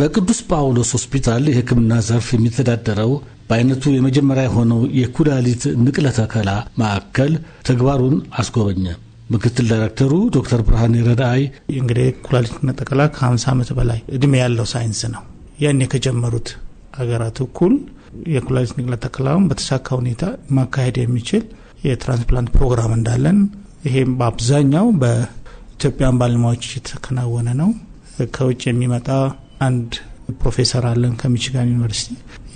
በቅዱስ ጳውሎስ ሆስፒታል የሕክምና ዘርፍ የሚተዳደረው በአይነቱ የመጀመሪያ የሆነው የኩላሊት ንቅለ ተከላ ማዕከል ተግባሩን አስጎበኘ። ምክትል ዳይሬክተሩ ዶክተር ብርሃኔ ረዳይ እንግዲህ ኩላሊት ነጠቀላ ከ50 ዓመት በላይ እድሜ ያለው ሳይንስ ነው። ያኔ ከጀመሩት ሀገራት እኩል የኩላሊት ንቅለ ተከላውን በተሳካ ሁኔታ ማካሄድ የሚችል የትራንስፕላንት ፕሮግራም እንዳለን፣ ይሄም በአብዛኛው በኢትዮጵያን ባለሙያዎች የተከናወነ ነው። ከውጭ የሚመጣ አንድ ፕሮፌሰር አለን ከሚችጋን ዩኒቨርሲቲ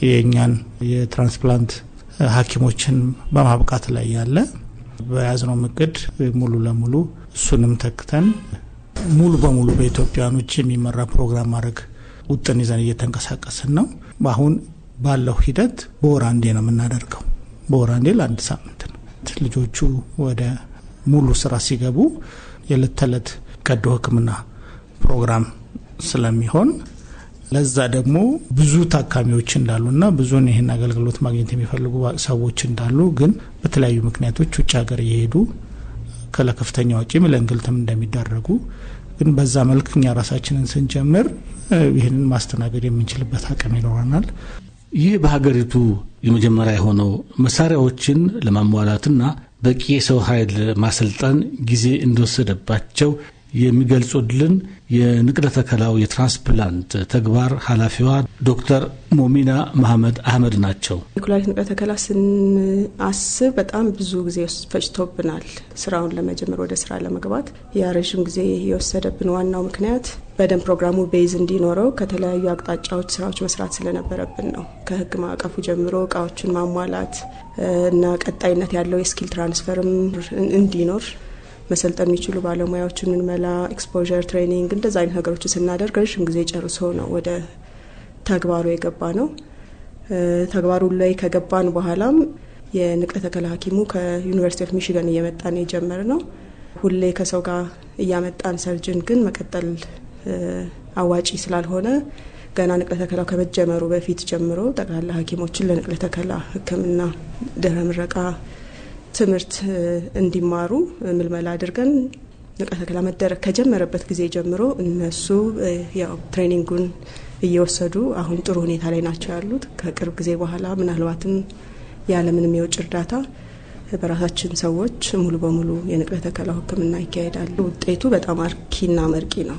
የእኛን የትራንስፕላንት ሐኪሞችን በማብቃት ላይ ያለ በያዝነው እቅድ ሙሉ ለሙሉ እሱንም ተክተን ሙሉ በሙሉ በኢትዮጵያኖች የሚመራ ፕሮግራም ማድረግ ውጥን ይዘን እየተንቀሳቀስን ነው። አሁን ባለው ሂደት በወር አንዴ ነው የምናደርገው። በወር አንዴ ለአንድ ሳምንት ነው። ልጆቹ ወደ ሙሉ ስራ ሲገቡ የዕለት ተዕለት ቀዶ ሕክምና ፕሮግራም ስለሚሆን ለዛ ደግሞ ብዙ ታካሚዎች እንዳሉና ብዙን ይህን አገልግሎት ማግኘት የሚፈልጉ ሰዎች እንዳሉ ግን በተለያዩ ምክንያቶች ውጭ ሀገር እየሄዱ ከለከፍተኛ ወጪም ለእንግልትም እንደሚደረጉ ግን በዛ መልክ እኛ ራሳችንን ስንጀምር ይህንን ማስተናገድ የምንችልበት አቅም ይኖረናል። ይህ በሀገሪቱ የመጀመሪያ የሆነው መሳሪያዎችን ለማሟላትና በቂ የሰው ኃይል ማሰልጠን ጊዜ እንደወሰደባቸው የሚገልጹልን የንቅለ ተከላው የትራንስፕላንት ተግባር ኃላፊዋ ዶክተር ሞሚና መሐመድ አህመድ ናቸው። የኩላሊት ንቅለ ተከላ ስንአስብ በጣም ብዙ ጊዜ ፈጭቶብናል። ስራውን ለመጀመር ወደ ስራ ለመግባት ረዥም ጊዜ የወሰደብን ዋናው ምክንያት በደንብ ፕሮግራሙ ቤዝ እንዲኖረው ከተለያዩ አቅጣጫዎች ስራዎች መስራት ስለነበረብን ነው። ከህግ ማዕቀፉ ጀምሮ እቃዎችን ማሟላት እና ቀጣይነት ያለው የስኪል ትራንስፈርም እንዲኖር መሰልጠን የሚችሉ ባለሙያዎችን ምንመላ፣ ኤክስፖር ትሬኒንግ፣ እንደዛ አይነት ነገሮች ስናደርግ ረዥም ጊዜ ጨርሶ ነው ወደ ተግባሩ የገባ ነው። ተግባሩ ላይ ከገባን በኋላም የንቅለ ተከላ ሀኪሙ ከዩኒቨርሲቲ ኦፍ ሚሽገን እየመጣን የጀመር ነው። ሁሌ ከሰው ጋር እያመጣን ሰርጅን ግን መቀጠል አዋጪ ስላልሆነ ገና ንቅለ ተከላው ከመጀመሩ በፊት ጀምሮ ጠቅላላ ሀኪሞችን ለንቅለ ተከላ ህክምና ድህረ ምረቃ ትምህርት እንዲማሩ ምልመላ አድርገን ንቃተ ተከላ መደረግ ከጀመረበት ጊዜ ጀምሮ እነሱ ያው ትሬኒንጉን እየወሰዱ አሁን ጥሩ ሁኔታ ላይ ናቸው ያሉት። ከቅርብ ጊዜ በኋላ ምናልባትም ያለምንም የውጭ እርዳታ በራሳችን ሰዎች ሙሉ በሙሉ የንቅለ ተከላው ሕክምና ይካሄዳል። ውጤቱ በጣም አርኪና መርቂ ነው።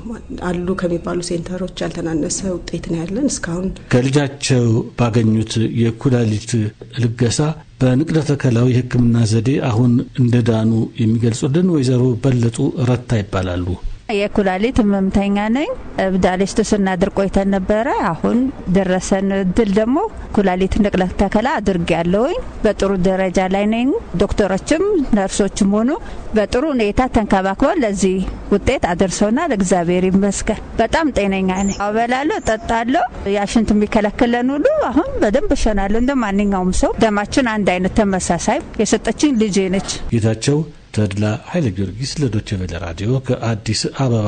አሉ ከሚባሉ ሴንተሮች ያልተናነሰ ውጤት ነው ያለን። እስካሁን ከልጃቸው ባገኙት የኩላሊት ልገሳ በንቅለ ተከላው የሕክምና ዘዴ አሁን እንደዳኑ የሚገልጹልን ወይዘሮ በለጡ ረታ ይባላሉ። የኩላሊት ህመምተኛ ነኝ። እብድ ስናድር ቆይተን ነበረ። አሁን ደረሰን እድል ደግሞ ኩላሊት ንቅለ ተከላ አድርግ ያለውኝ በጥሩ ደረጃ ላይ ነኝ። ዶክተሮችም ነርሶችም ሆኑ በጥሩ ሁኔታ ተንከባክበው ለዚህ ውጤት አደርሰውናል። እግዚአብሔር ይመስገን። በጣም ጤነኛ ነኝ። አበላለሁ፣ ጠጣለሁ። ያሽንት የሚከለክለን ሁሉ አሁን በደንብ እሸናለሁ። እንደ ማንኛውም ሰው ደማችን አንድ አይነት ተመሳሳይ የሰጠችኝ ልጄ ነች ጌታቸው ተድላ ኃይለ ጊዮርጊስ ለዶቸቬለ ራዲዮ ከአዲስ አበባ